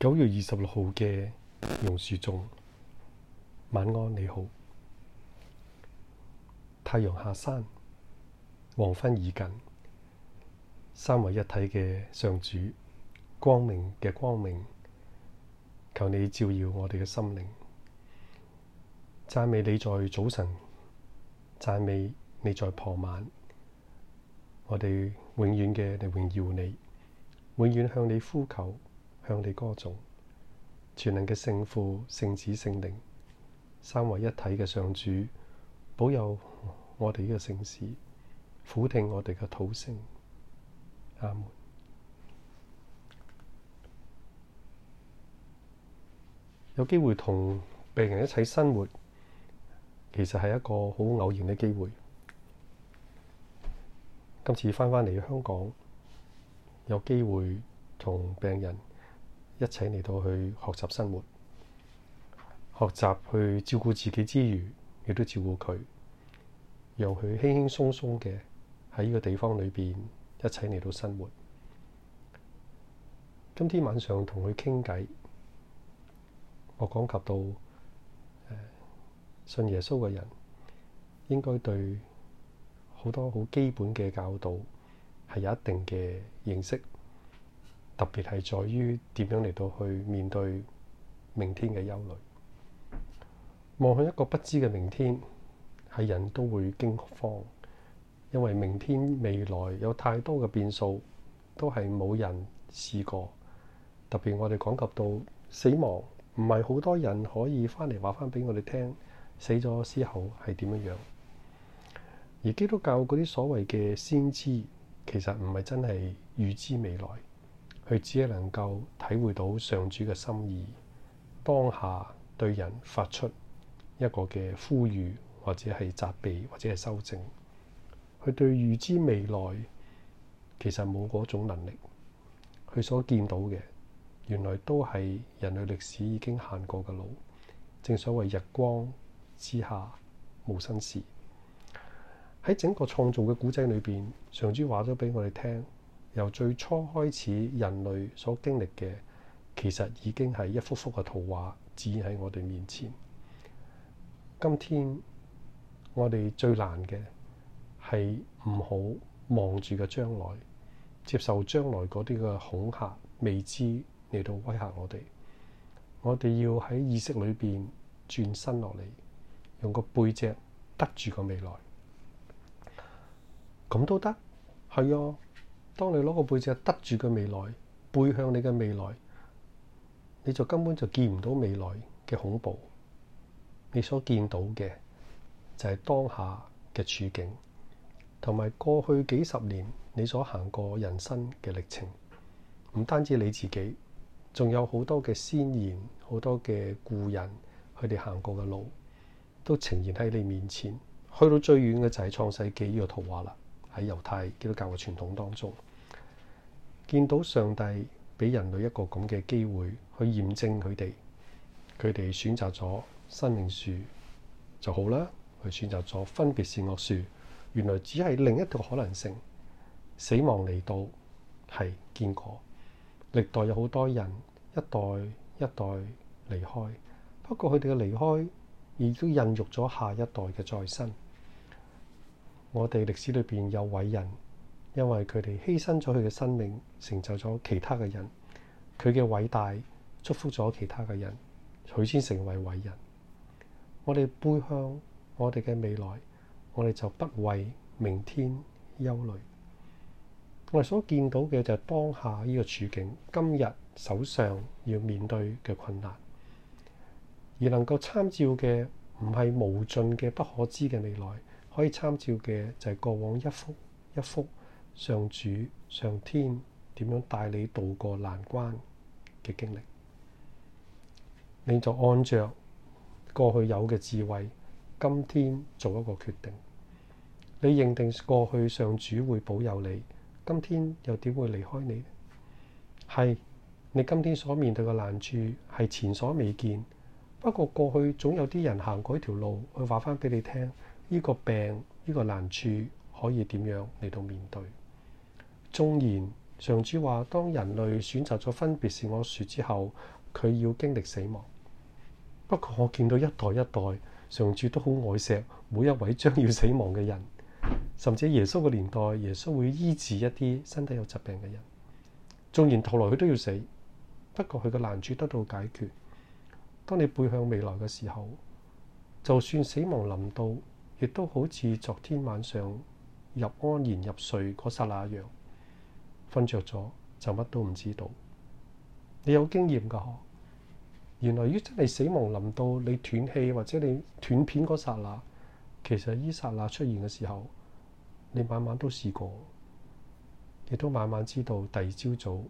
九月二十六號嘅榕樹中，晚安你好。太陽下山，黃昏已近，三位一體嘅上主，光明嘅光明，求你照耀我哋嘅心靈。讚美你在早晨，讚美你在傍晚，我哋永遠嘅嚟榮耀你，永遠向你呼求。向你歌頌全能嘅聖父、聖子、聖靈三位一體嘅上主，保佑我哋嘅城市，撫聽我哋嘅土聲。阿門。有機會同病人一齊生活，其實係一個好偶然嘅機會。今次翻返嚟香港，有機會同病人。一齊嚟到去學習生活，學習去照顧自己之餘，亦都照顧佢，讓佢輕輕鬆鬆嘅喺呢個地方裏邊，一齊嚟到生活。今天晚上同佢傾偈，我講及到信耶穌嘅人，應該對好多好基本嘅教導係有一定嘅認識。特別係在於點樣嚟到去面對明天嘅憂慮。望向一個不知嘅明天，係人都會驚慌，因為明天未來有太多嘅變數，都係冇人試過。特別我哋講及到死亡，唔係好多人可以翻嚟話翻俾我哋聽死咗之後係點樣樣。而基督教嗰啲所謂嘅先知，其實唔係真係預知未來。佢只係能夠體會到上主嘅心意，當下對人發出一個嘅呼籲，或者係責備，或者係修正。佢對預知未來其實冇嗰種能力。佢所見到嘅，原來都係人類歷史已經行過嘅路。正所謂日光之下，無新事。喺整個創造嘅古仔裏邊，上主話咗俾我哋聽。由最初開始，人類所經歷嘅其實已經係一幅幅嘅圖畫，展喺我哋面前。今天我哋最難嘅係唔好望住個將來，接受將來嗰啲嘅恐嚇未知嚟到威嚇我哋。我哋要喺意識裏邊轉身落嚟，用個背脊得住個未來，咁都得係哦。當你攞個背脊得住佢未來，背向你嘅未來，你就根本就見唔到未來嘅恐怖。你所見到嘅就係當下嘅處境，同埋過去幾十年你所行過人生嘅歷程。唔單止你自己，仲有好多嘅先賢，好多嘅故人，佢哋行過嘅路，都呈現喺你面前。去到最遠嘅就係創世記呢個圖畫啦，喺猶太基督教嘅傳統當中。見到上帝俾人類一個咁嘅機會去驗證佢哋，佢哋選擇咗生命樹就好啦。佢選擇咗分別善惡樹，原來只係另一條可能性。死亡嚟到係見過歷代有好多人一代一代離開，不過佢哋嘅離開亦都孕育咗下一代嘅再生。我哋歷史裏邊有偉人。因為佢哋犧牲咗佢嘅生命，成就咗其他嘅人，佢嘅偉大祝福咗其他嘅人，佢先成為偉人。我哋背向我哋嘅未來，我哋就不為明天憂慮。我哋所見到嘅就係當下呢個處境，今日手上要面對嘅困難，而能夠參照嘅唔係無盡嘅不可知嘅未來，可以參照嘅就係過往一幅一幅。上主、上天點樣帶你渡過難關嘅經歷，你就按着過去有嘅智慧，今天做一個決定。你認定過去上主會保佑你，今天又點會離開你咧？係你今天所面對嘅難處係前所未見，不過過去總有啲人行過一條路去，我話翻俾你聽，呢個病、呢個難處可以點樣嚟到面對？縱然，上主話：當人類選擇咗分別善惡樹之後，佢要經歷死亡。不過，我見到一代一代上主都好愛錫每一位將要死亡嘅人，甚至耶穌嘅年代，耶穌會醫治一啲身體有疾病嘅人。縱然頭來佢都要死，不過佢嘅難處得到解決。當你背向未來嘅時候，就算死亡臨到，亦都好似昨天晚上入安然入睡嗰剎那樣。瞓着咗就乜都唔知道，你有經驗噶。原來於真係死亡臨到，你斷氣或者你斷片嗰剎那，其實依剎那出現嘅時候，你晚晚都試過，亦都晚晚知道第二朝早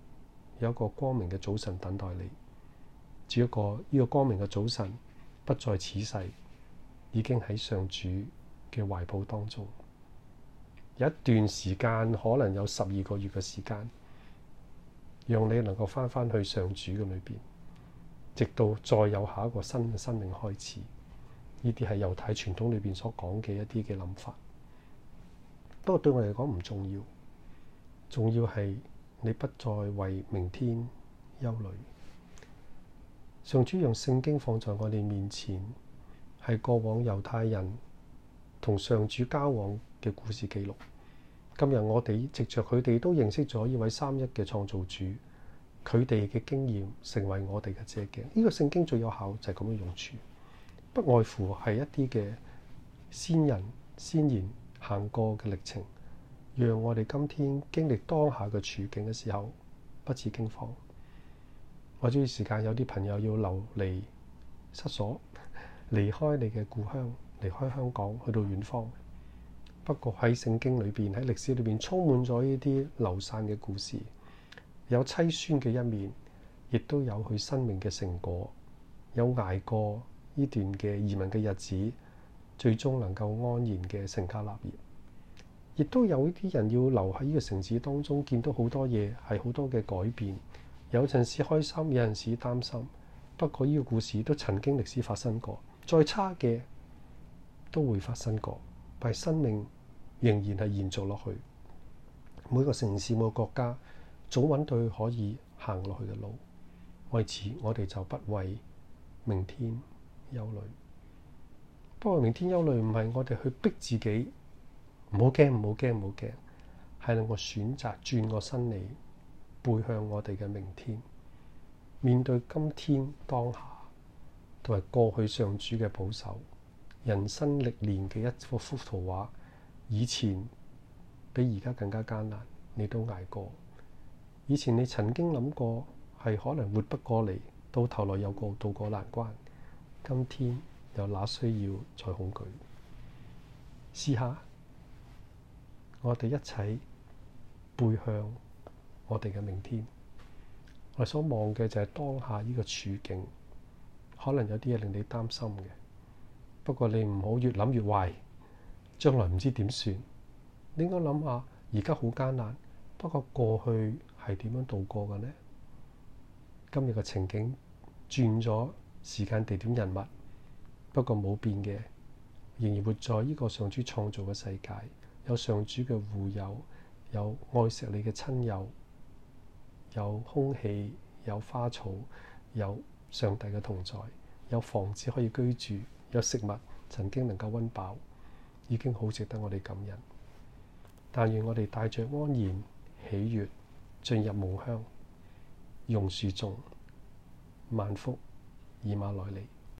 有一個光明嘅早晨等待你。只不過呢個光明嘅早晨不在此世，已經喺上主嘅懷抱當中。有一段時間，可能有十二個月嘅時間，讓你能夠翻返去上主嘅裏邊，直到再有下一個新嘅生命開始。呢啲係猶太傳統裏邊所講嘅一啲嘅諗法，不過對我嚟講唔重要。重要係你不再為明天憂慮。上主用聖經放在我哋面前，係過往猶太人同上主交往嘅故事記錄。今日我哋藉着佢哋都認識咗呢位三一嘅創造主，佢哋嘅經驗成為我哋嘅借鏡。呢個聖經最有效就係咁嘅用處，不外乎係一啲嘅先人先賢行過嘅歷程，讓我哋今天經歷當下嘅處境嘅時候不致驚慌。我注意時間，有啲朋友要流離失所，離開你嘅故鄉，離開香港，去到遠方。不過喺聖經裏邊，喺歷史裏邊充滿咗呢啲流散嘅故事，有凄酸嘅一面，亦都有佢生命嘅成果，有捱過呢段嘅移民嘅日子，最終能夠安然嘅成家立業。亦都有啲人要留喺呢個城市當中，見到好多嘢係好多嘅改變，有陣時開心，有陣時擔心。不過呢個故事都曾經歷史發生過，再差嘅都會發生過，但係生命。仍然係延續落去，每個城市每個國家，早揾到可以行落去嘅路，為此，我哋就不為明天憂慮。不過，明天憂慮唔係我哋去逼自己，唔好驚，唔好驚，唔好驚，係能夠選擇轉個身嚟背向我哋嘅明天，面對今天當下同埋過去，上主嘅保守，人生歷練嘅一幅幅圖畫。以前比而家更加艱難，你都捱過。以前你曾經諗過係可能活不過嚟，到頭來又過渡過難關。今天又哪需要再恐懼？試下我哋一齊背向我哋嘅明天。我所望嘅就係當下呢個處境，可能有啲嘢令你擔心嘅。不過你唔好越諗越壞。將來唔知點算，你應該諗下。而家好艱難，不過過去係點樣度過嘅呢？今日嘅情景轉咗時間、地點、人物，不過冇變嘅，仍然活在呢個上主創造嘅世界，有上主嘅護佑，有愛錫你嘅親友，有空氣、有花草、有上帝嘅同在，有房子可以居住，有食物曾經能夠温飽。已經好值得我哋感恩，但願我哋帶著安然、喜悅進入夢鄉。榕樹種，萬福以馬內利。